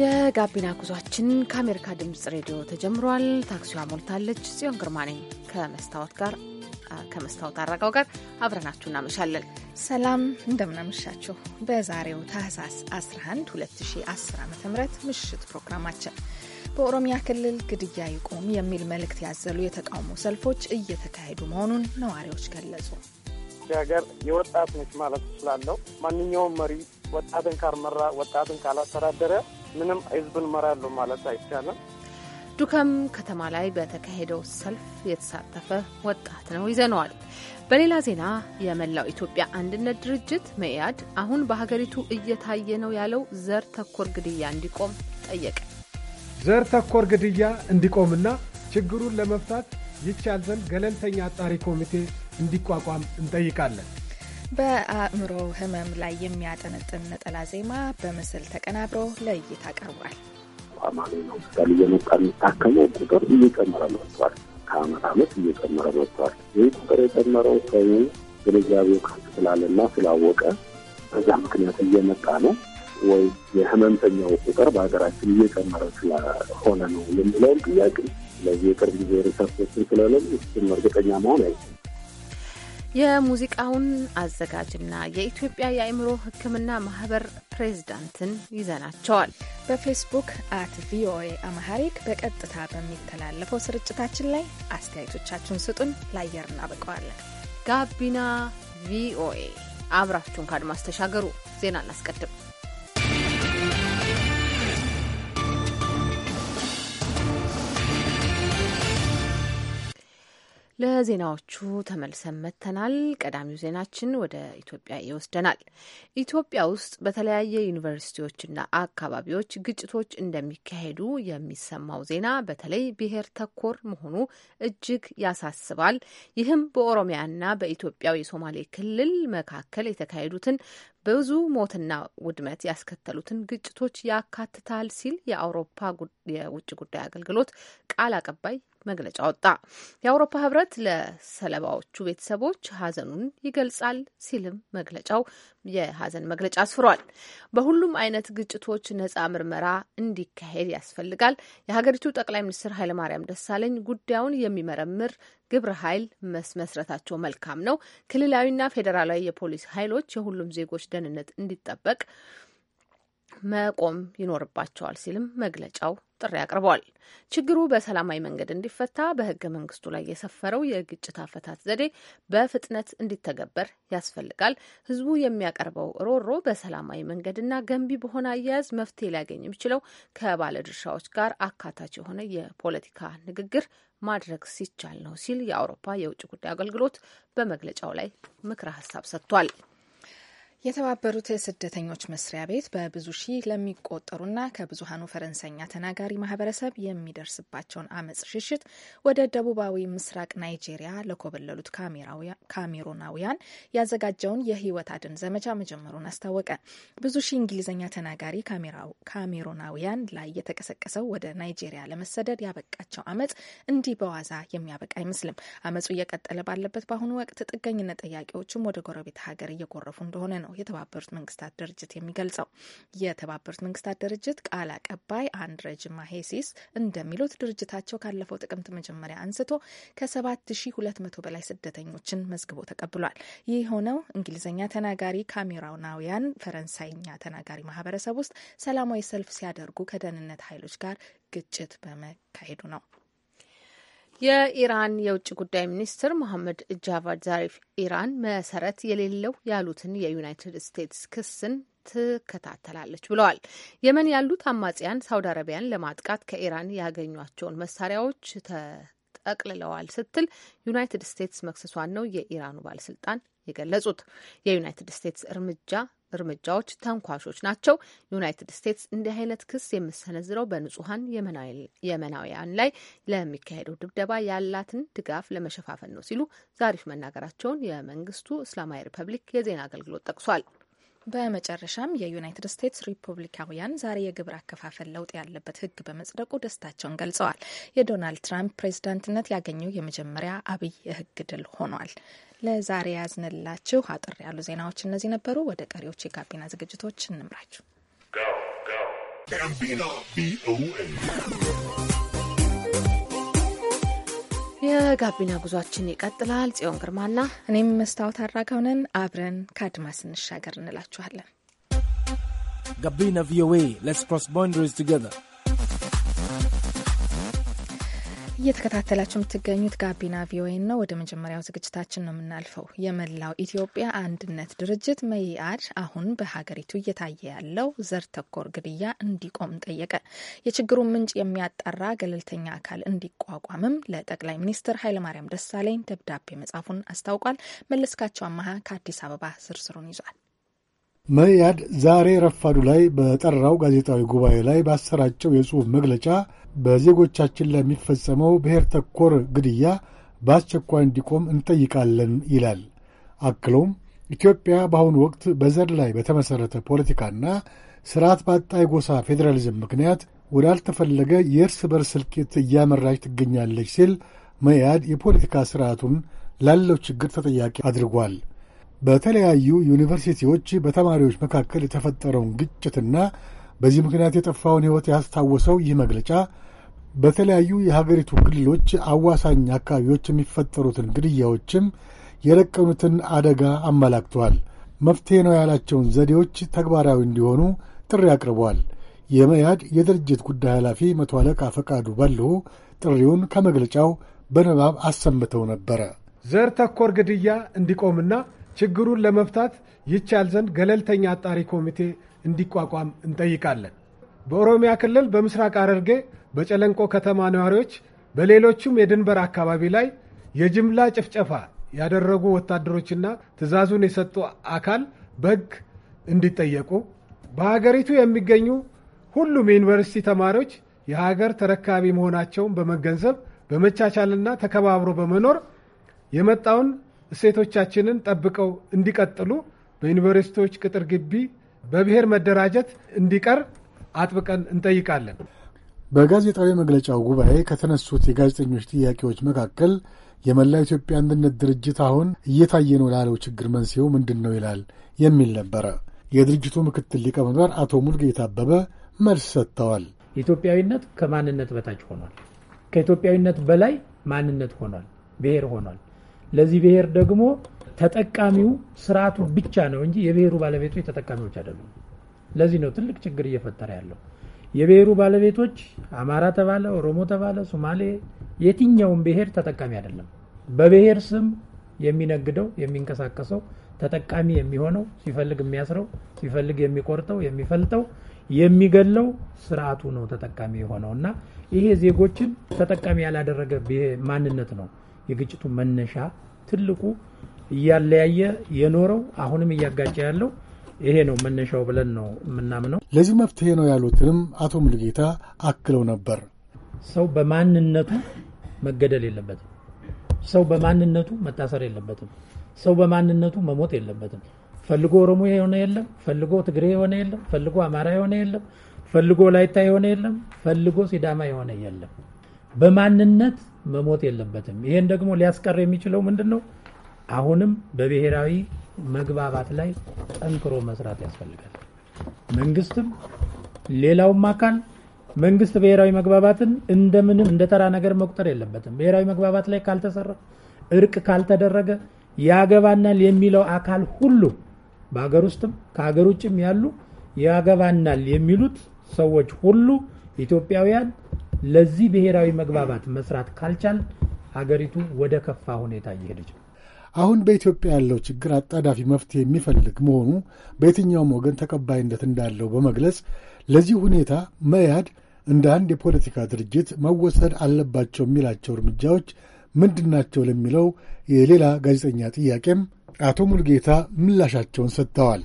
የጋቢና ጉዟችን ከአሜሪካ ድምፅ ሬዲዮ ተጀምሯል። ታክሲዋ ሞልታለች። ጽዮን ግርማ ነኝ ከመስታወት ጋር ከመስታወት አረጋው ጋር አብረናችሁ እናመሻለን። ሰላም እንደምናመሻችሁ። በዛሬው ታህሳስ 11 2010 ዓ ም ምሽት ፕሮግራማችን በኦሮሚያ ክልል ግድያ ይቆም የሚል መልእክት ያዘሉ የተቃውሞ ሰልፎች እየተካሄዱ መሆኑን ነዋሪዎች ገለጹ። ሀገር የወጣት ነች ማለት ስላለው ማንኛውም መሪ ወጣትን ካልመራ ወጣትን ካላስተዳደረ ምንም ህዝብን መራለሁ ማለት አይቻልም። ዱከም ከተማ ላይ በተካሄደው ሰልፍ የተሳተፈ ወጣት ነው ይዘነዋል። በሌላ ዜና የመላው ኢትዮጵያ አንድነት ድርጅት መኢአድ አሁን በሀገሪቱ እየታየ ነው ያለው ዘር ተኮር ግድያ እንዲቆም ጠየቀ። ዘር ተኮር ግድያ እንዲቆምና ችግሩን ለመፍታት ይቻል ዘንድ ገለልተኛ አጣሪ ኮሚቴ እንዲቋቋም እንጠይቃለን። በአእምሮ ህመም ላይ የሚያጠነጥን ነጠላ ዜማ በምስል ተቀናብሮ ለእይታ ቀርቧል። ቋማሚ ነው ስታል እየመጣ የሚታከመው ቁጥር እየጨመረ መጥቷል። ከአመት አመት እየጨመረ መጥቷል። ይህ ቁጥር የጨመረው ሰው ግንዛቤው ከፍ ስላለና ስላወቀ በዛ ምክንያት እየመጣ ነው ወይ የህመምተኛው ቁጥር በሀገራችን እየጨመረ ስለሆነ ነው የሚለውን ጥያቄ ስለዚህ የቅርብ ጊዜ ሪሰርቶችን ስለሌሉ እሱን እርግጠኛ መሆን አይችልም። የሙዚቃውን አዘጋጅና የኢትዮጵያ የአእምሮ ሕክምና ማህበር ፕሬዝዳንትን ይዘናቸዋል። በፌስቡክ አት ቪኦኤ አማሐሪክ በቀጥታ በሚተላለፈው ስርጭታችን ላይ አስተያየቶቻችሁን ስጡን፣ ለአየር እናበቀዋለን። ጋቢና ቪኦኤ አብራችሁን ከአድማስ ተሻገሩ። ዜና እናስቀድም። ለዜናዎቹ ተመልሰን መጥተናል። ቀዳሚው ዜናችን ወደ ኢትዮጵያ ይወስደናል። ኢትዮጵያ ውስጥ በተለያየ ዩኒቨርሲቲዎችና አካባቢዎች ግጭቶች እንደሚካሄዱ የሚሰማው ዜና በተለይ ብሔር ተኮር መሆኑ እጅግ ያሳስባል። ይህም በኦሮሚያና በኢትዮጵያው የሶማሌ ክልል መካከል የተካሄዱትን ብዙ ሞትና ውድመት ያስከተሉትን ግጭቶች ያካትታል ሲል የአውሮፓ የውጭ ጉዳይ አገልግሎት ቃል አቀባይ መግለጫ ወጣ። የአውሮፓ ህብረት ለሰለባዎቹ ቤተሰቦች ሀዘኑን ይገልጻል ሲልም መግለጫው የሀዘን መግለጫ አስፍሯል። በሁሉም አይነት ግጭቶች ነጻ ምርመራ እንዲካሄድ ያስፈልጋል። የሀገሪቱ ጠቅላይ ሚኒስትር ኃይለማርያም ደሳለኝ ጉዳዩን የሚመረምር ግብረ ኃይል መስመስረታቸው መልካም ነው። ክልላዊና ፌዴራላዊ የፖሊስ ኃይሎች የሁሉም ዜጎች ደህንነት እንዲጠበቅ መቆም ይኖርባቸዋል ሲልም መግለጫው ጥሪ አቅርቧል። ችግሩ በሰላማዊ መንገድ እንዲፈታ በህገ መንግስቱ ላይ የሰፈረው የግጭት አፈታት ዘዴ በፍጥነት እንዲተገበር ያስፈልጋል። ህዝቡ የሚያቀርበው ሮሮ በሰላማዊ መንገድና ገንቢ በሆነ አያያዝ መፍትሄ ሊያገኝ የሚችለው ከባለድርሻዎች ጋር አካታች የሆነ የፖለቲካ ንግግር ማድረግ ሲቻል ነው ሲል የአውሮፓ የውጭ ጉዳይ አገልግሎት በመግለጫው ላይ ምክረ ሀሳብ ሰጥቷል። የተባበሩት ስደተኞች መስሪያ ቤት በብዙ ሺህ ለሚቆጠሩና ከብዙሀኑ ፈረንሳይኛ ተናጋሪ ማህበረሰብ የሚደርስባቸውን አመፅ ሽሽት ወደ ደቡባዊ ምስራቅ ናይጄሪያ ለኮበለሉት ካሜሮናውያን ያዘጋጀውን የህይወት አድን ዘመቻ መጀመሩን አስታወቀ። ብዙ ሺህ እንግሊዝኛ ተናጋሪ ካሜሮናውያን ላይ የተቀሰቀሰው ወደ ናይጄሪያ ለመሰደድ ያበቃቸው አመፅ እንዲህ በዋዛ የሚያበቃ አይመስልም። አመፁ እየቀጠለ ባለበት በአሁኑ ወቅት ጥገኝነት ጠያቂዎችም ወደ ጎረቤት ሀገር እየጎረፉ እንደሆነ ነው ነው የተባበሩት መንግስታት ድርጅት የሚገልጸው። የተባበሩት መንግስታት ድርጅት ቃል አቀባይ አንድረጅ ሄሲስ እንደሚሉት ድርጅታቸው ካለፈው ጥቅምት መጀመሪያ አንስቶ ከ7200 በላይ ስደተኞችን መዝግቦ ተቀብሏል። ይህ የሆነው እንግሊዝኛ ተናጋሪ ካሜራውናውያን ፈረንሳይኛ ተናጋሪ ማህበረሰብ ውስጥ ሰላማዊ ሰልፍ ሲያደርጉ ከደህንነት ኃይሎች ጋር ግጭት በመካሄዱ ነው። የኢራን የውጭ ጉዳይ ሚኒስትር መሐመድ ጃቫድ ዛሪፍ ኢራን መሰረት የሌለው ያሉትን የዩናይትድ ስቴትስ ክስን ትከታተላለች ብለዋል። የመን ያሉት አማጽያን ሳውዲ አረቢያን ለማጥቃት ከኢራን ያገኟቸውን መሳሪያዎች ተጠቅልለዋል ስትል ዩናይትድ ስቴትስ መክሰሷን ነው የኢራኑ ባለስልጣን የገለጹት። የዩናይትድ ስቴትስ እርምጃ እርምጃዎች ተንኳሾች ናቸው። ዩናይትድ ስቴትስ እንዲህ አይነት ክስ የምሰነዝረው በንጹሐን የመናውያን ላይ ለሚካሄደው ድብደባ ያላትን ድጋፍ ለመሸፋፈን ነው ሲሉ ዛሪፍ መናገራቸውን የመንግስቱ እስላማዊ ሪፐብሊክ የዜና አገልግሎት ጠቅሷል። በመጨረሻም የዩናይትድ ስቴትስ ሪፐብሊካውያን ዛሬ የግብር አከፋፈል ለውጥ ያለበት ሕግ በመጽደቁ ደስታቸውን ገልጸዋል። የዶናልድ ትራምፕ ፕሬዝዳንትነት ያገኙ የመጀመሪያ አብይ የሕግ ድል ሆኗል። ለዛሬ ያዝንላችሁ አጥር ያሉ ዜናዎች እነዚህ ነበሩ። ወደ ቀሪዎች የጋቢና ዝግጅቶች እንምራችሁ። የጋቢና ጉዟችን ይቀጥላል። ጽዮን ግርማና እኔም መስታወት አራጋውንን አብረን ከአድማስ እንሻገር እንላችኋለን። ጋቢና ቪኦኤ ሌትስ ክሮስ ባውንደሪስ ቱጌዘር እየተከታተላችሁ የምትገኙት ጋቢና ቪኦኤ ነው። ወደ መጀመሪያው ዝግጅታችን ነው የምናልፈው። የመላው ኢትዮጵያ አንድነት ድርጅት መኢአድ አሁን በሀገሪቱ እየታየ ያለው ዘር ተኮር ግድያ እንዲቆም ጠየቀ። የችግሩን ምንጭ የሚያጣራ ገለልተኛ አካል እንዲቋቋምም ለጠቅላይ ሚኒስትር ኃይለማርያም ደሳለኝ ደብዳቤ መጻፉን አስታውቋል። መለስካቸው አመሀ ከአዲስ አበባ ዝርዝሩን ይዟል። መያድ ዛሬ ረፋዱ ላይ በጠራው ጋዜጣዊ ጉባኤ ላይ ባሰራጨው የጽሑፍ መግለጫ በዜጎቻችን ላይ የሚፈጸመው ብሔር ተኮር ግድያ በአስቸኳይ እንዲቆም እንጠይቃለን ይላል። አክሎም ኢትዮጵያ በአሁኑ ወቅት በዘር ላይ በተመሠረተ ፖለቲካና ስርዓት ባጣ የጎሳ ፌዴራሊዝም ምክንያት ወዳልተፈለገ የእርስ በርስ እልቂት እያመራች ትገኛለች ሲል መያድ የፖለቲካ ስርዓቱን ላለው ችግር ተጠያቂ አድርጓል። በተለያዩ ዩኒቨርሲቲዎች በተማሪዎች መካከል የተፈጠረውን ግጭትና በዚህ ምክንያት የጠፋውን ሕይወት ያስታወሰው ይህ መግለጫ በተለያዩ የሀገሪቱ ክልሎች አዋሳኝ አካባቢዎች የሚፈጠሩትን ግድያዎችም የለቀኑትን አደጋ አመላክተዋል። መፍትሄ ነው ያላቸውን ዘዴዎች ተግባራዊ እንዲሆኑ ጥሪ አቅርበዋል። የመያድ የድርጅት ጉዳይ ኃላፊ መቶ አለቃ ፈቃዱ ባልሁ ጥሪውን ከመግለጫው በንባብ አሰምተው ነበረ። ዘር ተኮር ግድያ እንዲቆምና ችግሩን ለመፍታት ይቻል ዘንድ ገለልተኛ አጣሪ ኮሚቴ እንዲቋቋም እንጠይቃለን። በኦሮሚያ ክልል በምስራቅ ሐረርጌ በጨለንቆ ከተማ ነዋሪዎች በሌሎችም የድንበር አካባቢ ላይ የጅምላ ጭፍጨፋ ያደረጉ ወታደሮችና ትዕዛዙን የሰጡ አካል በሕግ እንዲጠየቁ፣ በሀገሪቱ የሚገኙ ሁሉም የዩኒቨርሲቲ ተማሪዎች የሀገር ተረካቢ መሆናቸውን በመገንዘብ በመቻቻልና ተከባብሮ በመኖር የመጣውን እሴቶቻችንን ጠብቀው እንዲቀጥሉ በዩኒቨርሲቲዎች ቅጥር ግቢ በብሔር መደራጀት እንዲቀር አጥብቀን እንጠይቃለን። በጋዜጣዊ መግለጫው ጉባኤ ከተነሱት የጋዜጠኞች ጥያቄዎች መካከል የመላ ኢትዮጵያ አንድነት ድርጅት አሁን እየታየ ነው ላለው ችግር መንስኤው ምንድን ነው ይላል የሚል ነበረ። የድርጅቱ ምክትል ሊቀመንበር አቶ ሙልጌታ አበበ መልስ ሰጥተዋል። ኢትዮጵያዊነት ከማንነት በታች ሆኗል። ከኢትዮጵያዊነት በላይ ማንነት ሆኗል፣ ብሔር ሆኗል። ለዚህ ብሔር ደግሞ ተጠቃሚው ስርዓቱ ብቻ ነው እንጂ የብሔሩ ባለቤቶች ተጠቃሚዎች አይደሉም። ለዚህ ነው ትልቅ ችግር እየፈጠረ ያለው። የብሔሩ ባለቤቶች አማራ ተባለ፣ ኦሮሞ ተባለ፣ ሶማሌ፣ የትኛውም ብሔር ተጠቃሚ አይደለም። በብሔር ስም የሚነግደው የሚንቀሳቀሰው ተጠቃሚ የሚሆነው ሲፈልግ የሚያስረው ሲፈልግ የሚቆርጠው የሚፈልጠው የሚገለው ስርዓቱ ነው ተጠቃሚ የሆነው እና ይሄ ዜጎችን ተጠቃሚ ያላደረገ ማንነት ነው የግጭቱ መነሻ ትልቁ እያለያየ የኖረው አሁንም እያጋጨ ያለው ይሄ ነው መነሻው ብለን ነው የምናምነው። ለዚህ መፍትሄ ነው ያሉትንም አቶ ሙሉጌታ አክለው ነበር። ሰው በማንነቱ መገደል የለበትም። ሰው በማንነቱ መታሰር የለበትም። ሰው በማንነቱ መሞት የለበትም። ፈልጎ ኦሮሞ የሆነ የለም፣ ፈልጎ ትግሬ የሆነ የለም፣ ፈልጎ አማራ የሆነ የለም፣ ፈልጎ ላይታ የሆነ የለም፣ ፈልጎ ሲዳማ የሆነ የለም። በማንነት መሞት የለበትም። ይሄን ደግሞ ሊያስቀር የሚችለው ምንድን ነው? አሁንም በብሔራዊ መግባባት ላይ ጠንክሮ መስራት ያስፈልጋል። መንግስትም ሌላውም አካል መንግስት ብሔራዊ መግባባትን እንደምንም እንደ ተራ ነገር መቁጠር የለበትም። ብሔራዊ መግባባት ላይ ካልተሰራ፣ እርቅ ካልተደረገ ያገባናል የሚለው አካል ሁሉ በሀገር ውስጥም ከሀገር ውጭም ያሉ ያገባናል የሚሉት ሰዎች ሁሉ ኢትዮጵያውያን ለዚህ ብሔራዊ መግባባት መስራት ካልቻል አገሪቱ ወደ ከፋ ሁኔታ እየሄደች ነው። አሁን በኢትዮጵያ ያለው ችግር አጣዳፊ መፍትሄ የሚፈልግ መሆኑ በየትኛውም ወገን ተቀባይነት እንዳለው በመግለጽ ለዚህ ሁኔታ መያድ እንደ አንድ የፖለቲካ ድርጅት መወሰድ አለባቸው የሚላቸው እርምጃዎች ምንድናቸው ለሚለው የሌላ ጋዜጠኛ ጥያቄም አቶ ሙልጌታ ምላሻቸውን ሰጥተዋል።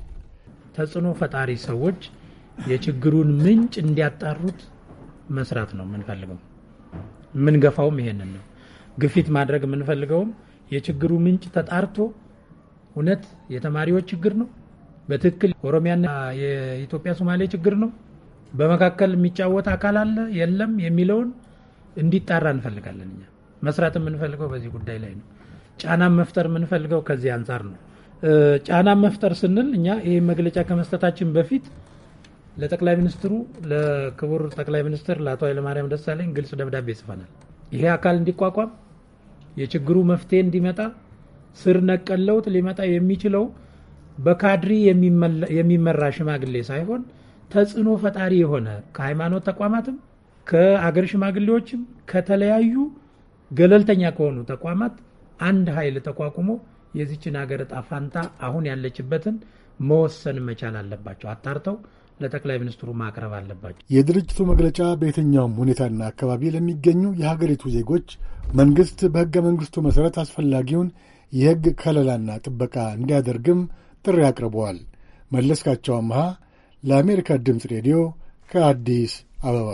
ተጽዕኖ ፈጣሪ ሰዎች የችግሩን ምንጭ እንዲያጣሩት መስራት ነው የምንፈልገው። የምንገፋውም ይሄንን ነው። ግፊት ማድረግ የምንፈልገውም የችግሩ ምንጭ ተጣርቶ እውነት የተማሪዎች ችግር ነው፣ በትክክል ኦሮሚያና የኢትዮጵያ ሶማሌ ችግር ነው፣ በመካከል የሚጫወት አካል አለ የለም የሚለውን እንዲጣራ እንፈልጋለን። እኛ መስራት የምንፈልገው በዚህ ጉዳይ ላይ ነው። ጫና መፍጠር የምንፈልገው ከዚህ አንጻር ነው። ጫና መፍጠር ስንል እኛ ይህ መግለጫ ከመስጠታችን በፊት ለጠቅላይ ሚኒስትሩ ለክቡር ጠቅላይ ሚኒስትር ለአቶ ኃይለማርያም ደሳለኝ ግልጽ ደብዳቤ ጽፈናል። ይሄ አካል እንዲቋቋም የችግሩ መፍትሄ እንዲመጣ ስር ነቀል ለውጥ ሊመጣ የሚችለው በካድሪ የሚመራ ሽማግሌ ሳይሆን ተጽዕኖ ፈጣሪ የሆነ ከሃይማኖት ተቋማትም ከአገር ሽማግሌዎችም ከተለያዩ ገለልተኛ ከሆኑ ተቋማት አንድ ኃይል ተቋቁሞ የዚችን ሀገር እጣ ፋንታ አሁን ያለችበትን መወሰን መቻል አለባቸው። አጣርተው ለጠቅላይ ሚኒስትሩ ማቅረብ አለባቸው። የድርጅቱ መግለጫ በየትኛውም ሁኔታና አካባቢ ለሚገኙ የሀገሪቱ ዜጎች መንግስት በህገ መንግስቱ መሠረት አስፈላጊውን የህግ ከለላና ጥበቃ እንዲያደርግም ጥሪ አቅርበዋል። መለስካቸው አምሃ ለአሜሪካ ድምፅ ሬዲዮ ከአዲስ አበባ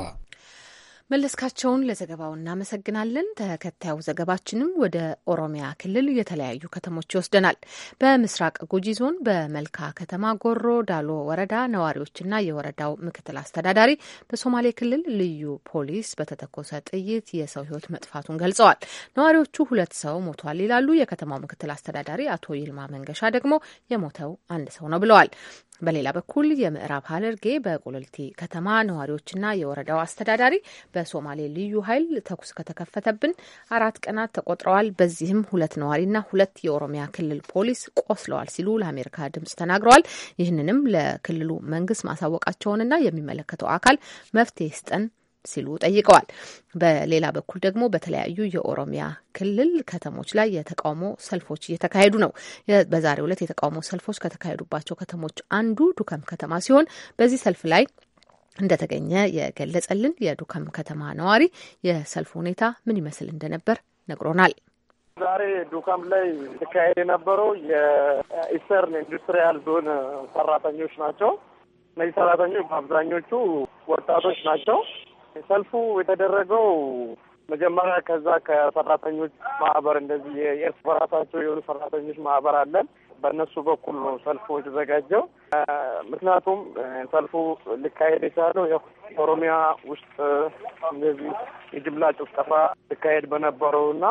መለስካቸውን ለዘገባው እናመሰግናለን። ተከታዩ ዘገባችንም ወደ ኦሮሚያ ክልል የተለያዩ ከተሞች ይወስደናል። በምስራቅ ጉጂ ዞን በመልካ ከተማ ጎሮ ዳሎ ወረዳ ነዋሪዎችና የወረዳው ምክትል አስተዳዳሪ በሶማሌ ክልል ልዩ ፖሊስ በተተኮሰ ጥይት የሰው ሕይወት መጥፋቱን ገልጸዋል። ነዋሪዎቹ ሁለት ሰው ሞቷል ይላሉ። የከተማው ምክትል አስተዳዳሪ አቶ ይልማ መንገሻ ደግሞ የሞተው አንድ ሰው ነው ብለዋል። በሌላ በኩል የምዕራብ ሀለርጌ በቁልልቲ ከተማ ነዋሪዎችና የወረዳው አስተዳዳሪ በሶማሌ ልዩ ኃይል ተኩስ ከተከፈተብን አራት ቀናት ተቆጥረዋል፣ በዚህም ሁለት ነዋሪና ሁለት የኦሮሚያ ክልል ፖሊስ ቆስለዋል ሲሉ ለአሜሪካ ድምጽ ተናግረዋል። ይህንንም ለክልሉ መንግስት ማሳወቃቸውንና የሚመለከተው አካል መፍትሄ ስጠን ሲሉ ጠይቀዋል። በሌላ በኩል ደግሞ በተለያዩ የኦሮሚያ ክልል ከተሞች ላይ የተቃውሞ ሰልፎች እየተካሄዱ ነው። በዛሬው ዕለት የተቃውሞ ሰልፎች ከተካሄዱባቸው ከተሞች አንዱ ዱከም ከተማ ሲሆን በዚህ ሰልፍ ላይ እንደተገኘ የገለጸልን የዱከም ከተማ ነዋሪ የሰልፉ ሁኔታ ምን ይመስል እንደነበር ነግሮናል። ዛሬ ዱካም ላይ ሲካሄድ የነበረው የኢስተርን ኢንዱስትሪያል ዞን ሰራተኞች ናቸው። እነዚህ ሰራተኞች በአብዛኞቹ ወጣቶች ናቸው። ሰልፉ የተደረገው መጀመሪያ ከዛ ከሰራተኞች ማህበር እንደዚህ የእርስ በራሳቸው የሆኑ ሰራተኞች ማህበር አለን። በእነሱ በኩል ነው ሰልፉ የተዘጋጀው። ምክንያቱም ሰልፉ ሊካሄድ የቻለው የኦሮሚያ ውስጥ እንደዚህ የጅምላ ጭፍጨፋ ሊካሄድ በነበረው እና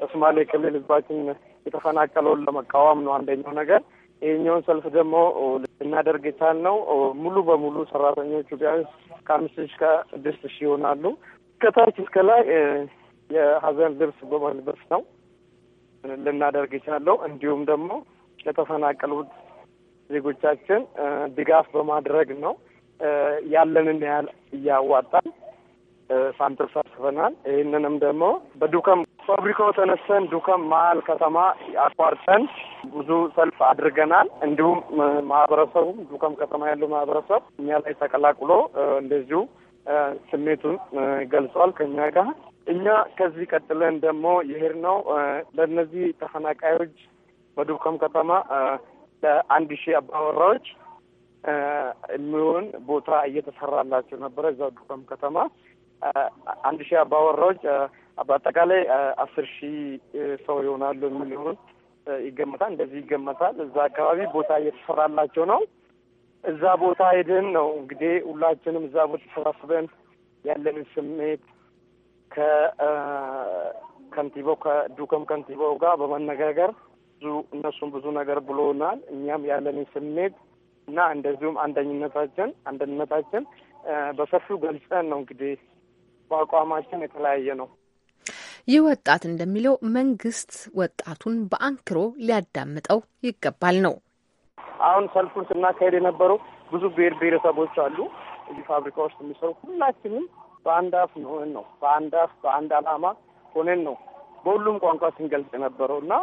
በሶማሌ ክልል ህዝባችን የተፈናቀለውን ለመቃወም ነው አንደኛው ነገር። ይህኛውን ሰልፍ ደግሞ ልናደርግ ነው ሙሉ በሙሉ ሰራተኞቹ ቢያንስ ከአምስት ሺ ከስድስት ሺ ይሆናሉ ከታች እስከ ላይ የሀዘን ልብስ በመልበስ ነው ልናደርግ ይቻለው። እንዲሁም ደግሞ ለተፈናቀሉት ዜጎቻችን ድጋፍ በማድረግ ነው። ያለንን ያህል እያዋጣን ሳንተሳስበናል። ይህንንም ደግሞ በዱከም ፋብሪካው ተነስተን ዱከም መሀል ከተማ አቋርጠን ብዙ ሰልፍ አድርገናል። እንዲሁም ማህበረሰቡም ዱከም ከተማ ያለው ማህበረሰብ እኛ ላይ ተቀላቅሎ እንደዚሁ ስሜቱን ገልጿል ከኛ ጋር። እኛ ከዚህ ቀጥለን ደግሞ ይሄድ ነው ለእነዚህ ተፈናቃዮች በዱከም ከተማ ለአንድ ሺህ አባወራዎች የሚሆን ቦታ እየተሰራላቸው ነበረ። እዛ ዱከም ከተማ አንድ ሺህ አባወራዎች በአጠቃላይ አስር ሺህ ሰው ይሆናሉ የሚሆኑት ይገመታል። እንደዚህ ይገመታል። እዛ አካባቢ ቦታ እየተሰራላቸው ነው። እዛ ቦታ ሄደን ነው እንግዲህ ሁላችንም እዛ ቦታ ተሰባስበን ያለንን ስሜት ከከንቲባው ከዱከም ከንቲባው ጋር በመነጋገር ብዙ እነሱም ብዙ ነገር ብሎናል። እኛም ያለንን ስሜት እና እንደዚሁም አንደኝነታችን አንደኝነታችን በሰፊው ገልጸን ነው እንግዲህ በአቋማችን የተለያየ ነው። ይህ ወጣት እንደሚለው መንግስት ወጣቱን በአንክሮ ሊያዳምጠው ይገባል ነው። አሁን ሰልፉን ስናካሄድ የነበረው ብዙ ብሔር ብሔረሰቦች አሉ። እዚህ ፋብሪካ ውስጥ የሚሰሩ ሁላችንም በአንድ አፍ ሆነን ነው በአንድ አፍ በአንድ አላማ ሆነን ነው በሁሉም ቋንቋ ስንገልጽ የነበረው እና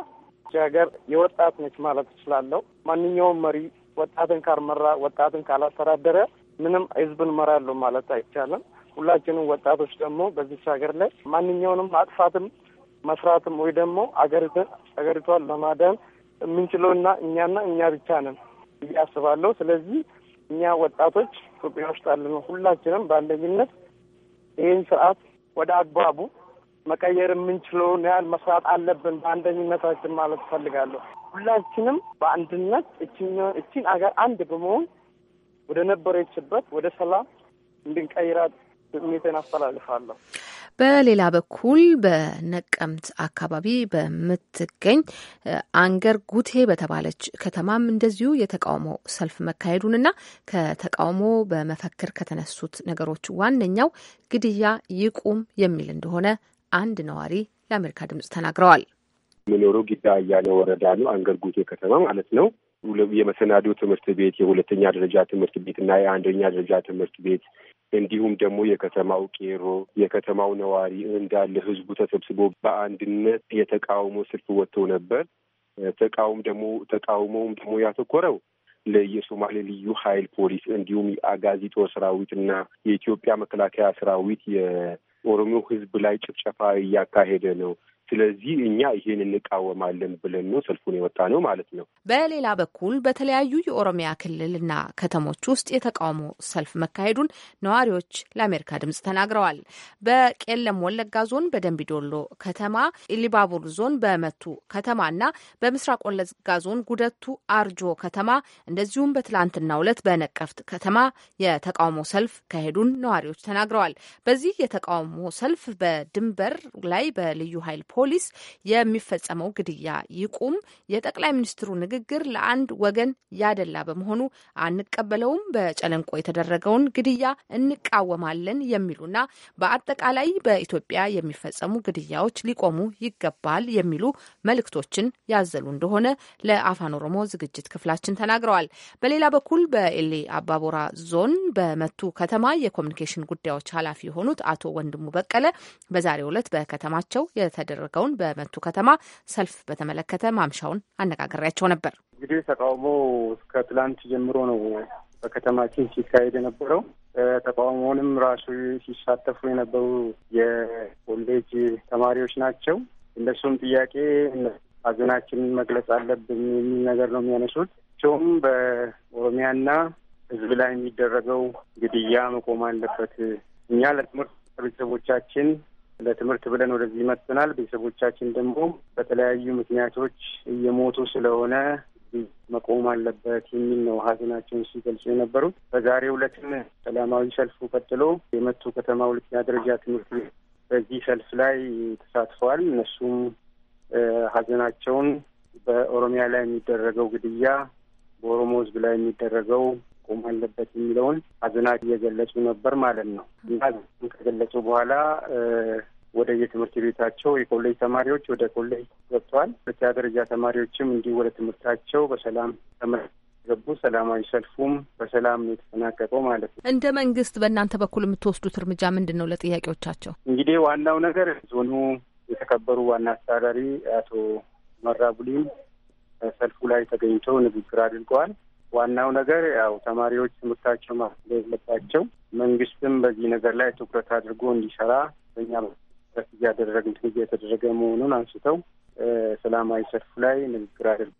ሀገር የወጣት ነች ማለት እችላለሁ። ማንኛውም መሪ ወጣትን ካልመራ፣ ወጣትን ካላስተዳደረ ምንም ህዝብን መራለሁ ማለት አይቻልም። ሁላችንም ወጣቶች ደግሞ በዚች ሀገር ላይ ማንኛውንም ማጥፋትም መስራትም ወይ ደግሞ አገሪትን አገሪቷን ለማዳን የምንችለውና እኛና እኛ ብቻ ነን እያስባለሁ። አስባለሁ። ስለዚህ እኛ ወጣቶች ኢትዮጵያ ውስጥ ያለነው ሁላችንም በአንደኝነት ይህን ስርዓት ወደ አግባቡ መቀየር የምንችለውን ያህል መስራት አለብን። በአንደኝነታችን ማለት እፈልጋለሁ። ሁላችንም በአንድነት እችን አገር አንድ በመሆን ወደ ነበረችበት ወደ ሰላም እንድንቀይራት ስሜቴን አስተላልፋለሁ። በሌላ በኩል በነቀምት አካባቢ በምትገኝ አንገር ጉቴ በተባለች ከተማም እንደዚሁ የተቃውሞ ሰልፍ መካሄዱንና ከተቃውሞ በመፈክር ከተነሱት ነገሮች ዋነኛው ግድያ ይቁም የሚል እንደሆነ አንድ ነዋሪ ለአሜሪካ ድምጽ ተናግረዋል። የምኖረው ጊዳ አያሌ ወረዳ ነው። አንገር ጉቴ ከተማ ማለት ነው። የመሰናዶ ትምህርት ቤት፣ የሁለተኛ ደረጃ ትምህርት ቤት እና የአንደኛ ደረጃ ትምህርት ቤት እንዲሁም ደግሞ የከተማው ቄሮ፣ የከተማው ነዋሪ እንዳለ ህዝቡ ተሰብስቦ በአንድነት የተቃውሞ ሰልፍ ወጥተው ነበር። ተቃውም ደግሞ ተቃውሞውም ደግሞ ያተኮረው ለየሶማሌ ልዩ ኃይል ፖሊስ እንዲሁም የአጋዚ ጦር ሰራዊት እና የኢትዮጵያ መከላከያ ሰራዊት የኦሮሞ ህዝብ ላይ ጭፍጨፋ እያካሄደ ነው ስለዚህ እኛ ይህን እንቃወማለን ብለን ነው ሰልፉን የወጣ ነው ማለት ነው። በሌላ በኩል በተለያዩ የኦሮሚያ ክልልና ከተሞች ውስጥ የተቃውሞ ሰልፍ መካሄዱን ነዋሪዎች ለአሜሪካ ድምጽ ተናግረዋል። በቄለም ወለጋ ዞን በደንቢዶሎ ከተማ፣ ኢሊባቡር ዞን በመቱ ከተማና በምስራቅ ወለጋ ዞን ጉደቱ አርጆ ከተማ እንደዚሁም በትላንትናው ዕለት በነቀፍት ከተማ የተቃውሞ ሰልፍ ካሄዱን ነዋሪዎች ተናግረዋል። በዚህ የተቃውሞ ሰልፍ በድንበር ላይ በልዩ ኃይል ፖሊስ የሚፈጸመው ግድያ ይቁም፣ የጠቅላይ ሚኒስትሩ ንግግር ለአንድ ወገን ያደላ በመሆኑ አንቀበለውም፣ በጨለንቆ የተደረገውን ግድያ እንቃወማለን የሚሉና በአጠቃላይ በኢትዮጵያ የሚፈጸሙ ግድያዎች ሊቆሙ ይገባል የሚሉ መልእክቶችን ያዘሉ እንደሆነ ለአፋን ኦሮሞ ዝግጅት ክፍላችን ተናግረዋል። በሌላ በኩል በኤሌ አባቦራ ዞን በመቱ ከተማ የኮሚኒኬሽን ጉዳዮች ኃላፊ የሆኑት አቶ ወንድሙ በቀለ በዛሬው ዕለት በከተማቸው የተደረ የተደረገውን በመቱ ከተማ ሰልፍ በተመለከተ ማምሻውን አነጋግሬያቸው ነበር። እንግዲህ ተቃውሞ እስከ ትላንት ጀምሮ ነው በከተማችን ሲካሄድ የነበረው። ተቃውሞውንም ራሱ ሲሳተፉ የነበሩ የኮሌጅ ተማሪዎች ናቸው። እነሱም ጥያቄ ሀዘናችንን መግለጽ አለብን የሚል ነገር ነው የሚያነሱት። ቸውም በኦሮሚያና ህዝብ ላይ የሚደረገው ግድያ መቆም አለበት። እኛ ለትምህርት ቤተሰቦቻችን ለትምህርት ብለን ወደዚህ መጥተናል። ቤተሰቦቻችን ደግሞ በተለያዩ ምክንያቶች እየሞቱ ስለሆነ መቆም አለበት የሚል ነው ሀዘናቸውን ሲገልጹ የነበሩት። በዛሬው ዕለትም ሰላማዊ ሰልፉ ቀጥሎ የመቱ ከተማ ሁለተኛ ደረጃ ትምህርት ቤት በዚህ ሰልፍ ላይ ተሳትፈዋል። እነሱም ሀዘናቸውን በኦሮሚያ ላይ የሚደረገው ግድያ፣ በኦሮሞ ህዝብ ላይ የሚደረገው መቆም አለበት የሚለውን አዘና እየገለጹ ነበር ማለት ነው እና ከገለጹ በኋላ ወደ የትምህርት ቤታቸው የኮሌጅ ተማሪዎች ወደ ኮሌጅ ገብተዋል። ሁለተኛ ደረጃ ተማሪዎችም እንዲሁ ወደ ትምህርታቸው በሰላም ተመ ገቡ። ሰላማዊ ሰልፉም በሰላም የተጠናቀቀው ማለት ነው። እንደ መንግስት በእናንተ በኩል የምትወስዱት እርምጃ ምንድን ነው? ለጥያቄዎቻቸው እንግዲህ ዋናው ነገር ዞኑ የተከበሩ ዋና አስተዳዳሪ አቶ መራቡሊን ሰልፉ ላይ ተገኝተው ንግግር አድርገዋል። ዋናው ነገር ያው ተማሪዎች ትምህርታቸው ማለባቸው መንግስትም በዚህ ነገር ላይ ትኩረት አድርጎ እንዲሰራ በኛ ጥረት እያደረግ እየተደረገ መሆኑን አንስተው ሰላማዊ ሰልፉ ላይ ንግግር አድርገ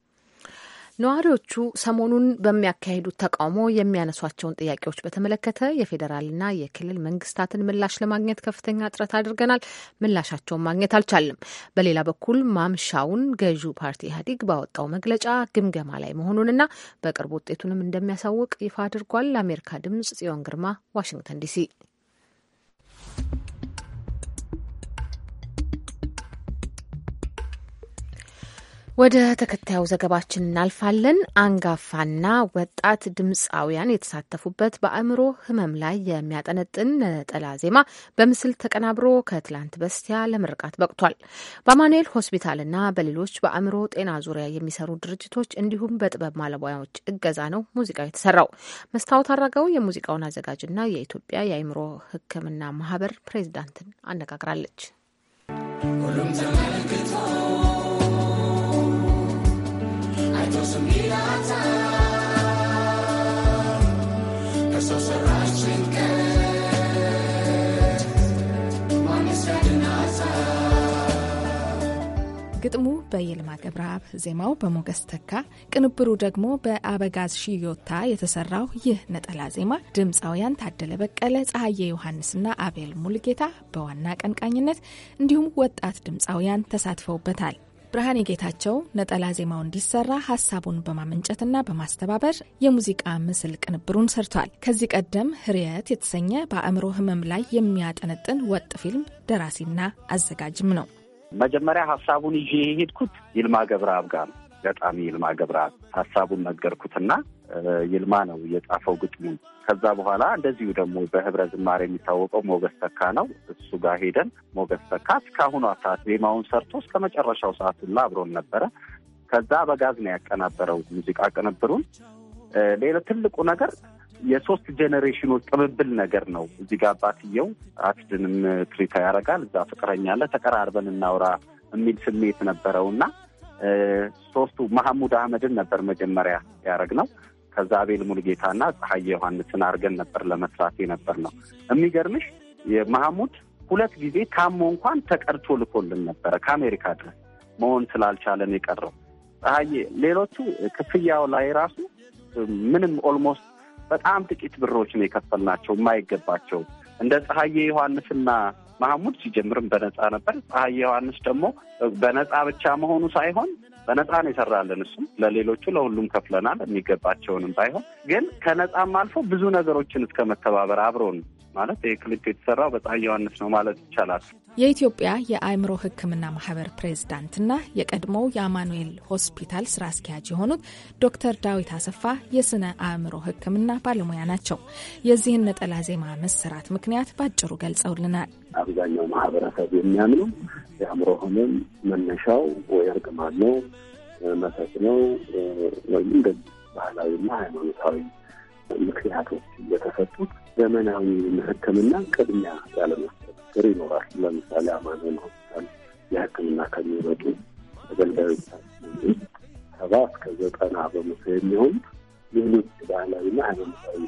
ነዋሪዎቹ ሰሞኑን በሚያካሄዱት ተቃውሞ የሚያነሷቸውን ጥያቄዎች በተመለከተ የፌዴራልና የክልል መንግስታትን ምላሽ ለማግኘት ከፍተኛ ጥረት አድርገናል። ምላሻቸውን ማግኘት አልቻልም። በሌላ በኩል ማምሻውን ገዢው ፓርቲ ኢህአዴግ ባወጣው መግለጫ ግምገማ ላይ መሆኑንና በቅርብ ውጤቱንም እንደሚያሳውቅ ይፋ አድርጓል። ለአሜሪካ ድምጽ ጽዮን ግርማ ዋሽንግተን ዲሲ ወደ ተከታዩ ዘገባችን እናልፋለን። አንጋፋና ወጣት ድምፃውያን የተሳተፉበት በአእምሮ ሕመም ላይ የሚያጠነጥን ነጠላ ዜማ በምስል ተቀናብሮ ከትላንት በስቲያ ለምርቃት በቅቷል። በአማኑኤል ሆስፒታልና በሌሎች በአእምሮ ጤና ዙሪያ የሚሰሩ ድርጅቶች እንዲሁም በጥበብ ባለሙያዎች እገዛ ነው ሙዚቃው የተሰራው። መስታወት አድራጋው የሙዚቃውን አዘጋጅና የኢትዮጵያ የአእምሮ ሕክምና ማህበር ፕሬዚዳንትን አነጋግራለች። ሁሉም ተመልክቶ ግጥሙ በይልማ ገብረአብ፣ ዜማው በሞገስ ተካ፣ ቅንብሩ ደግሞ በአበጋዝ ሽዮታ የተሰራው ይህ ነጠላ ዜማ ድምፃውያን ታደለ በቀለ፣ ፀሐዬ ዮሐንስና አቤል ሙልጌታ በዋና አቀንቃኝነት እንዲሁም ወጣት ድምፃውያን ተሳትፈውበታል። ብርሃኔ ጌታቸው ነጠላ ዜማው እንዲሰራ ሀሳቡን በማመንጨትና በማስተባበር የሙዚቃ ምስል ቅንብሩን ሰርቷል። ከዚህ ቀደም ህርየት የተሰኘ በአእምሮ ህመም ላይ የሚያጠነጥን ወጥ ፊልም ደራሲና አዘጋጅም ነው። መጀመሪያ ሀሳቡን ይዤ የሄድኩት ይልማ ገብረአብ ጋር ነው። ገጣሚ ይልማ ገብረአብ ሀሳቡን ነገርኩትና ይልማ ነው የጻፈው ግጥሙ። ከዛ በኋላ እንደዚሁ ደግሞ በህብረ ዝማር የሚታወቀው ሞገስ ተካ ነው። እሱ ጋር ሄደን ሞገስ ተካ እስካሁኗ ሰዓት ዜማውን ሰርቶ እስከ መጨረሻው ሰዓት ሁላ አብሮን ነበረ። ከዛ በጋዝ ነው ያቀናበረው ሙዚቃ ቅንብሩን። ሌላ ትልቁ ነገር የሶስት ጄኔሬሽኖች ቅብብል ነገር ነው። እዚህ ጋር አባትየው አትድንም ትሪታ ያደርጋል፣ እዛ ፍቅረኛ አለ፣ ተቀራርበን እናውራ የሚል ስሜት ነበረው እና ሶስቱ መሐሙድ አህመድን ነበር መጀመሪያ ነው። ከዛ አቤል ሙልጌታና ፀሐይ ዮሐንስን አድርገን ነበር ለመስራት የነበር ነው። የሚገርምሽ መሐሙድ ሁለት ጊዜ ታሞ እንኳን ተቀድቶ ልኮልን ነበረ ከአሜሪካ ድረስ መሆን ስላልቻለን የቀረው ፀሐይ። ሌሎቹ ክፍያው ላይ ራሱ ምንም ኦልሞስት በጣም ጥቂት ብሮች ነው የከፈልናቸው የማይገባቸው። እንደ ፀሐዬ ዮሐንስና መሐሙድ ሲጀምርም በነፃ ነበር። ፀሐዬ ዮሐንስ ደግሞ በነፃ ብቻ መሆኑ ሳይሆን በነፃ ነው የሰራልን። ለሌሎቹ ለሁሉም ከፍለናል፣ የሚገባቸውንም ባይሆን ግን ከነፃም አልፎ ብዙ ነገሮችን እስከ መተባበር አብሮን ማለት ይህ ክሊፕ የተሰራው በጣም ዮሐንስ ነው ማለት ይቻላል። የኢትዮጵያ የአእምሮ ሕክምና ማህበር ፕሬዝዳንትና የቀድሞው የአማኑኤል ሆስፒታል ስራ አስኪያጅ የሆኑት ዶክተር ዳዊት አሰፋ የስነ አእምሮ ሕክምና ባለሙያ ናቸው። የዚህን ነጠላ ዜማ መሰራት ምክንያት ባጭሩ ገልጸውልናል። አብዛኛው ማህበረሰብ የሚያምነው የአእምሮ ህመም መነሻው ወይ እርግማን ነው፣ መተት ነው ወይም እንደዚህ ባህላዊና ሃይማኖታዊ ምክንያቶች እየተሰጡት ዘመናዊ ሕክምና ቅድሚያ ያለመስጠት ችግር ይኖራል። ለምሳሌ አማኑኤል ሆስፒታል የህክምና ከሚመጡ ተገልጋዮች ሰባ እስከ ዘጠና በመቶ የሚሆኑት ሌሎች ባህላዊና ሃይማኖታዊ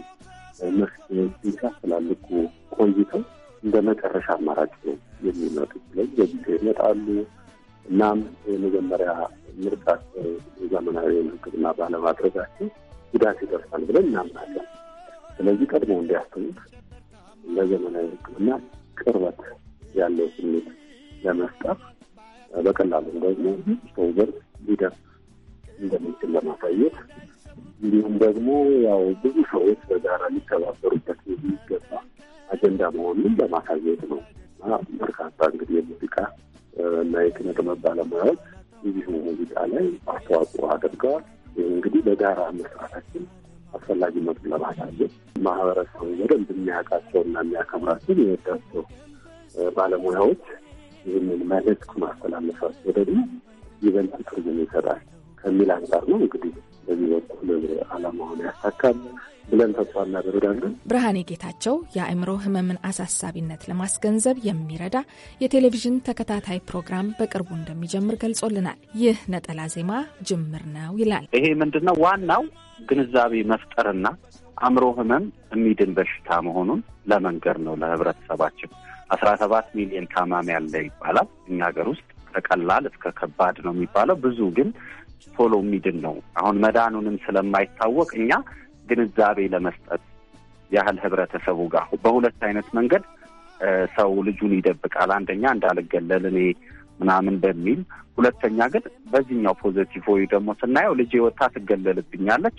መፍትሄዎችን ሲያፈላልጉ ቆይተው እንደ መጨረሻ አማራጭ ነው የሚመጡ። ስለዚህ በጊዜ ይመጣሉ። እናም የመጀመሪያ ምርጫቸው ዘመናዊ ሕክምና ባለማድረጋቸው ጉዳት ይደርሳል ብለን እናምናለን። ስለዚህ ቀድሞ እንዲያስቡት ለዘመናዊ ሕክምና ቅርበት ያለው ስሜት ለመፍጠር በቀላሉ ደግሞ ሰው ዘር ሊደርስ እንደሚችል ለማሳየት እንዲሁም ደግሞ ያው ብዙ ሰዎች በጋራ ሊተባበሩበት የሚገባ አጀንዳ መሆኑን ለማሳየት ነው እና በርካታ እንግዲህ የሙዚቃ እና የኪነ ጥበብ ባለሙያዎች እዚሁ ሙዚቃ ላይ አስተዋጽኦ አድርገዋል። ይህ እንግዲህ በጋራ መስራታችን አስፈላጊነቱን ለማሳየት ማህበረሰቡ በደንብ የሚያውቃቸው እና የሚያከብራቸው የወዳቸው ባለሙያዎች ይህንን መልእክት ማስተላለፋቸው ደግሞ ይበልጥ ትርጉም ይሰጣል ከሚል አንጻር ነው እንግዲህ በዚህ በኩል አላማውን ያሳካል። ብለን ተስፋ እናደርጋለን። ብርሃኔ ጌታቸው የአእምሮ ህመምን አሳሳቢነት ለማስገንዘብ የሚረዳ የቴሌቪዥን ተከታታይ ፕሮግራም በቅርቡ እንደሚጀምር ገልጾልናል። ይህ ነጠላ ዜማ ጅምር ነው ይላል። ይሄ ምንድነው ዋናው ግንዛቤ መፍጠርና አእምሮ ህመም የሚድን በሽታ መሆኑን ለመንገር ነው ለህብረተሰባችን። አስራ ሰባት ሚሊዮን ታማሚ ያለ ይባላል እኛ ሀገር ውስጥ ከቀላል እስከ ከባድ ነው የሚባለው ብዙ ግን ቶሎ የሚድን ነው። አሁን መዳኑንም ስለማይታወቅ እኛ ግንዛቤ ለመስጠት ያህል ህብረተሰቡ ጋር በሁለት አይነት መንገድ ሰው ልጁን ይደብቃል። አንደኛ እንዳልገለል እኔ ምናምን በሚል ሁለተኛ ግን በዚህኛው ፖዘቲቭ ወይ ደግሞ ስናየው ልጄ ወታ ትገለልብኛለች፣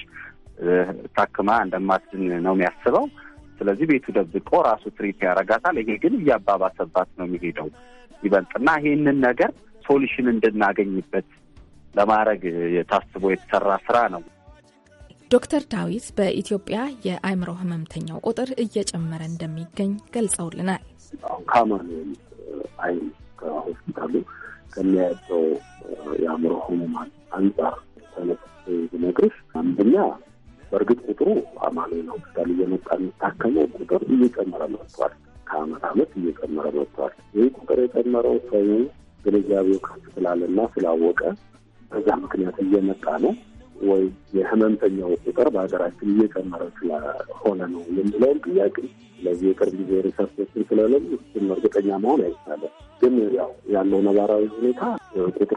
ታክማ እንደማትድን ነው የሚያስበው። ስለዚህ ቤቱ ደብቆ ራሱ ትሪት ያደርጋታል። ይሄ ግን እያባባሰባት ነው የሚሄደው ይበልጥና ይህንን ነገር ሶሉሽን እንድናገኝበት ለማድረግ ታስቦ የተሰራ ስራ ነው። ዶክተር ዳዊት በኢትዮጵያ የአእምሮ ህመምተኛው ቁጥር እየጨመረ እንደሚገኝ ገልጸውልናል። አሁን ካመን አይን ከሆስፒታሉ ከሚያያቸው የአእምሮ ህሙማን አንጻር ተነስ ብነግርሽ አንደኛ በእርግጥ ቁጥሩ አማሌ ሆስፒታል እየመጣ የሚታከመው ቁጥር እየጨመረ መጥቷል። ከአመት አመት እየጨመረ መጥቷል። ይህ ቁጥር የጨመረው ሰው ግንዛቤው ከፍ ስላለና ስላወቀ በዛ ምክንያት እየመጣ ነው። ወይ የህመምተኛው ቁጥር በሀገራችን እየጨመረ ስለሆነ ነው የሚለውን ጥያቄ ስለዚህ የቅርብ ጊዜ ሪሰርቾችን ስለለም እሱን እርግጠኛ መሆን አይቻልም። ግን ያው ያለው ነባራዊ ሁኔታ ቁጥሩ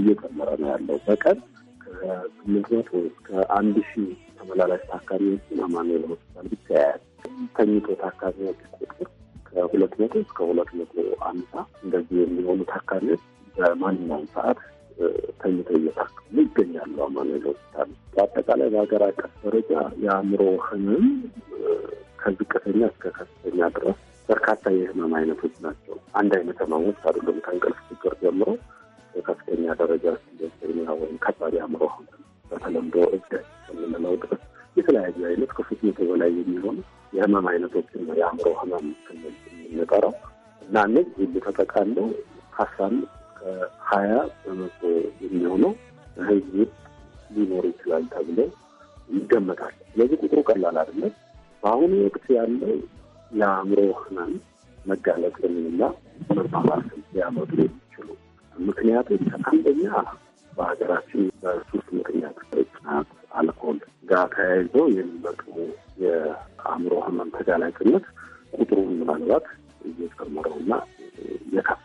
እየጨመረ ነው ያለው። በቀን ከስምንት መቶ እስከ አንድ ሺህ ተመላላሽ ታካሚዎችን አማኑኤል ሆስፒታል ብቻ ያያል። ተኝቶ ታካሚዎች ቁጥር ከሁለት መቶ እስከ ሁለት መቶ አምሳ እንደዚህ የሚሆኑ ታካሚዎች በማንኛውም ሰዓት ተኝተው እየታከሙ ይገኛሉ። አማኑኤል ሆስፒታል በአጠቃላይ በሀገር አቀፍ ደረጃ የአእምሮ ህመም ከዝቅተኛ እስከ ከፍተኛ ድረስ በርካታ የህመም አይነቶች ናቸው። አንድ አይነት ህመሞች አይደሉም። ከእንቅልፍ ችግር ጀምሮ ከፍተኛ ደረጃ ሲደሰኛ ወይም ከባድ አእምሮ ህመም በተለምዶ እብደት የምንለው ድረስ የተለያዩ አይነት ክፉት መቶ በላይ የሚሆኑ የህመም አይነቶች የአእምሮ ህመም ክልል የምንጠራው እና እነዚህ ሁሉ ተጠቃለው ከአስራ ሀያ በመቶ የሚሆነው ህዝብ ሊኖር ይችላል ተብሎ ይገመታል። ስለዚህ ቁጥሩ ቀላል አይደለም። በአሁኑ ወቅት ያለው የአእምሮ ህመም መጋለጥንና መባባስን ሊያመጡ የሚችሉ ምክንያቶች አንደኛ በሀገራችን በሱስ ምክንያት ጫት፣ አልኮል ጋር ተያይዘው የሚመጡ የአእምሮ ህመም ተጋላጭነት ቁጥሩን ምናልባት እየጨመረውና የከፋ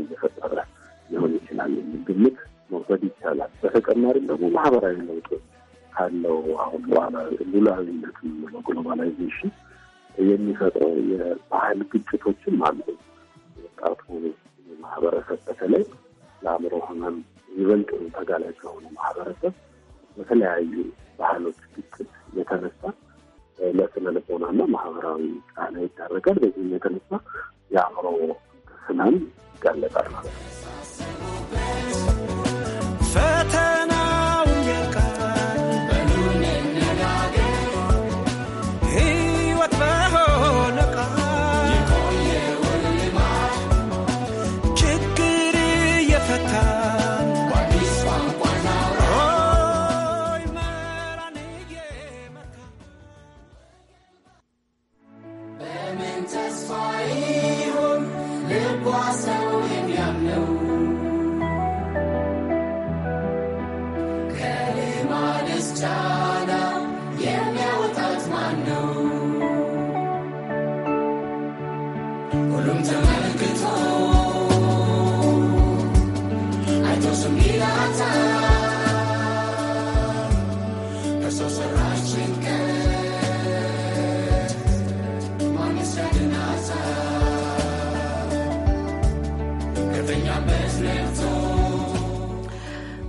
እየፈጠረ ሊሆን ይችላል የሚል ግምት መውሰድ ይቻላል። በተጨማሪም ደግሞ ማህበራዊ ለውጦች ካለው አሁን በኋላ ሉላዊነት የምንለው ግሎባላይዜሽን የሚፈጥረው የባህል ግጭቶችም አሉ። ወጣቱ ማህበረሰብ በተለይ ለአእምሮ ህመም ይበልጥ ተጋላጭ የሆነ ማህበረሰብ በተለያዩ ባህሎች ግጭት የተነሳ ለስነ ልቦናና ማህበራዊ ጫና ይዳረጋል። በዚህም የተነሳ የአእምሮ ህመም ይጋለጣል ማለት ነው።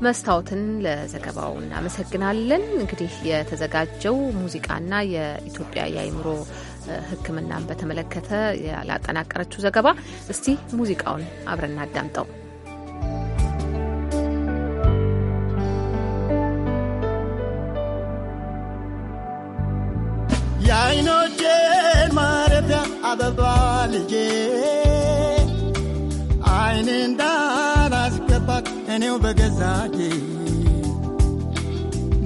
መስታወትን ለዘገባው እናመሰግናለን። እንግዲህ የተዘጋጀው ሙዚቃና የኢትዮጵያ የአእምሮ ሕክምናን በተመለከተ ያላጠናቀረችው ዘገባ እስቲ ሙዚቃውን አብረን እናዳምጠው። የአይኖቼን ማረፊያ አበባ ልጄ እኔው በገዛ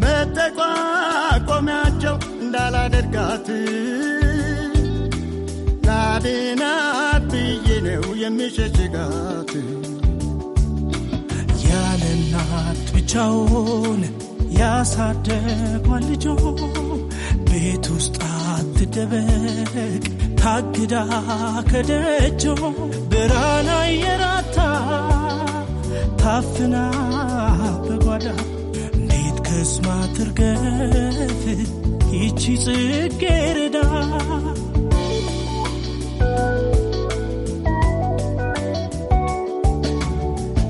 መጠቋቆሚያቸው እንዳላደርጋት ላቤና ብዬ ነው የሚሸሽጋት ያለ እናት ብቻውን ያሳደጓል ልጆ ቤት ውስጥ አትደበቅ ታግዳ ከደጆ ብራና የራታ ታፍና በጓዳ እንዴት ከስማ ትርገፍ ይቺ ጽጌረዳ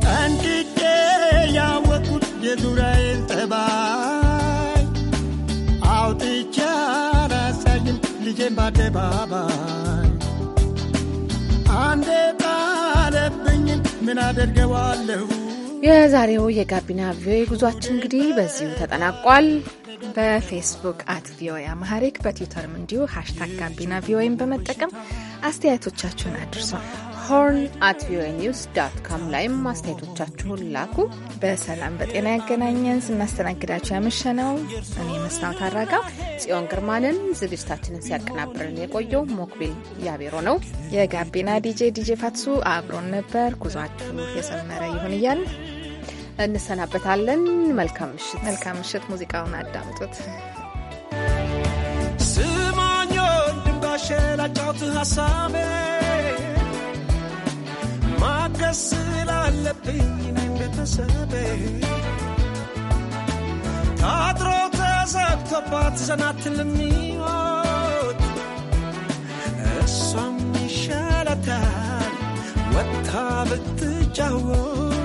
ጠንቅቄ ያወቁት የዙሪያዬን ጠባይ አውጥቼ አላሳይም ልጄን በአደባባይ አንዴ ጣለብኝን ምን አደርገዋለሁ የዛሬው የጋቢና ቪኦኤ ጉዟችን እንግዲህ በዚሁ ተጠናቋል። በፌስቡክ አት ቪኦኤ አማሐሪክ በትዊተርም እንዲሁ ሀሽታግ ጋቢና ቪኦኤን በመጠቀም አስተያየቶቻችሁን አድርሷል። ሆርን አት ቪኦኤ ኒውስ ዳት ካም ላይም አስተያየቶቻችሁን ላኩ። በሰላም በጤና ያገናኘን። ስናስተናግዳችሁ ያመሸነው እኔ መስታወት አራጋው ጽዮን ግርማንን፣ ዝግጅታችንን ሲያቀናብርን የቆየው ሞክቢል ያቤሮ ነው። የጋቢና ዲጄ ዲጄ ፋትሱ አብሮን ነበር። ጉዟችሁ የሰመረ ይሁን እያልን እንሰናበታለን። መልካም ምሽት፣ መልካም ምሽት። ሙዚቃውን አዳምጡት። ስማኞ ድምዳሼ ላጫውት ሀሳቤ ማገስ ስላለብኝ ነኝ ቤተሰቤ ታጥሮ ተዘግቶባት ዘናትልሚ እሷም ይሻላታል ወታ ብትጫወት